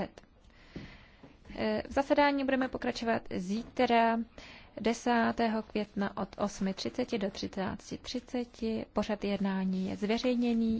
10. Eh, v zasedání budeme pokračovat zítra 10. května od 8.30 do 13.30. Pořad jednání je zveřejněný.